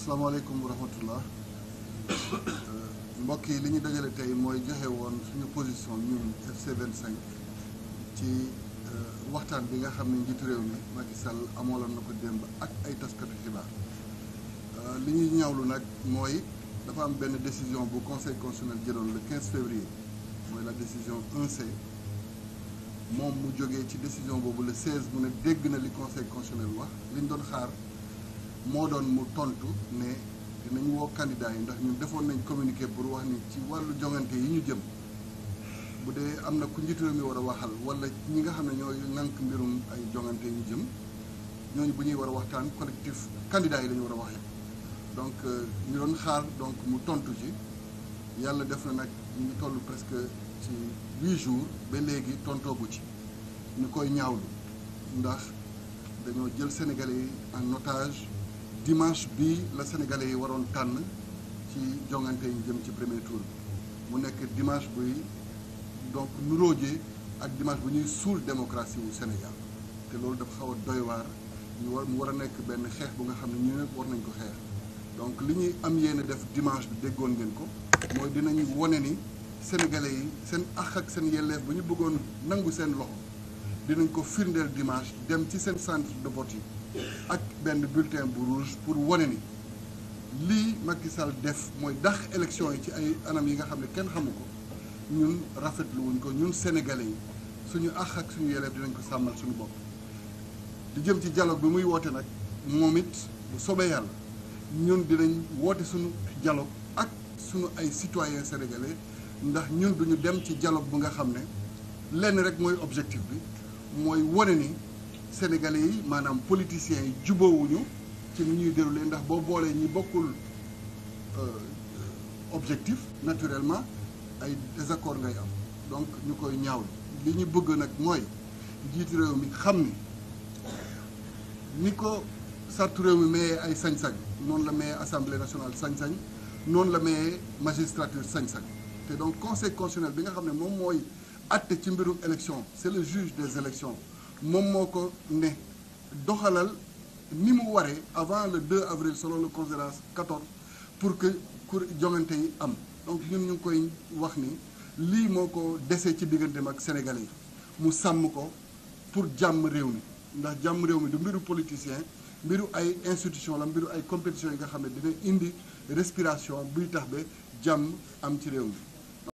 asalaamaaleykum wa rahmatullah mbokk yi li ñu dajale tey mooy joxe woon suñu position ñun FC 25 ci euh, waxtaan bi nga xam ne njiitu réew mi Macky Sall amooloon na ko démb ak ay taskatu xibaar euh, li ñuy ñawlu nag mooy dafa am benn décision bu conseil constitutionnel jëloon le 15 février mooy la décision 1C moom mu jógee ci décision boobu le 16 mu ne dégg na li conseil constitutionnel wax liñ doon xaar. moo doon mu tontu ne dinañ woo candidat yi ndax ñu defoon nañ communiqué pour wax ni ci wàllu jongante yi ñu jëm bu dee am na ku njiitu réew mi war a waxal wala ñi nga xam ne ñooy nank mbirum ay jongante yi ñu jëm ñooñu bu ñuy war a waxtaan collectif candidat yi dañu war a waxee donc euh, ñu doon xaar donc mu tontu ci yàlla def na nag ñu ngi toll presque ci huit jour ba léegi tontoogu ci ñu koy ñaawlu ndax dañoo jël Sénégalais yi en otage dimanche bi la sénégalais yi waroon tànn ci jongante yi jëm ci premier tour bi mu nekk dimanche buy donc nuróojee ak dimanche bu ñuy suul démocratie wu Sénégal te loolu dafa xaw a doy waar ñu war a nekk benn xeex bu nga xam ne ñu ne war nañ ko xeex donc li ñuy am yéene def dimanche bi déggoon ngeen ko mooy dinañu wone ni sénégalais yi seen ax ak seen yelleef bu ñu bëggoon nangu seen loxo dinañ ko firndeel dimanche dem ci seen centre de vote yi ak benn bulletin bu rouge pour wane ni lii Macky Sall def mooy dax élection yi ci ay anam yi nga xam ne kenn xamu ko ñun rafetlu wuñ ko ñun sénégalais yi suñu àq ak suñu yelleef dinañ ko sàmmal suñu bopp. di jëm ci dialogue bi muy woote nag moom it bu soobee yàlla ñun dinañ woote suñu dialogue ak suñu ay citoyens sénégalais ndax ñun ñu dem ci dialogue bu nga xam ne lenn rek mooy objectif bi mooy wone ni. sénégalais yi maanaam politiciens yi juboowuñu ci lu ñuy déroulé ndax boo boolee ñi bokkul euh, objectif naturellement ay désaccord ngay am donc ñu koy ñaaw li ñu bëgg nag mooy njiitu réew mi xam ni ni ko sartu réew mi mayee ay sañ-sañ noonu la mayee assemblée nationale sañ-sañ noonu la mayee magistrature sañ-sañ te donc conseil constitutionnel bi nga xam ne moom mooy àtte ci mbirum élection c'est le juge des élections moom moo ko ne doxalal ni mu waree avant le 2 avril solo le considérance 14 pour que cour jongante yi am donc ñu ngi koy wax ni lii moo ko desee ci digganteem ak sénégalais yi mu sàmm ko pour jàmm réew mi ndax jàmm réew mi du mbiru politicien mbiru ay institution la mbiru ay compétition yi nga xam ne dina indi respiration buy tax ba jàmm am ci réew mi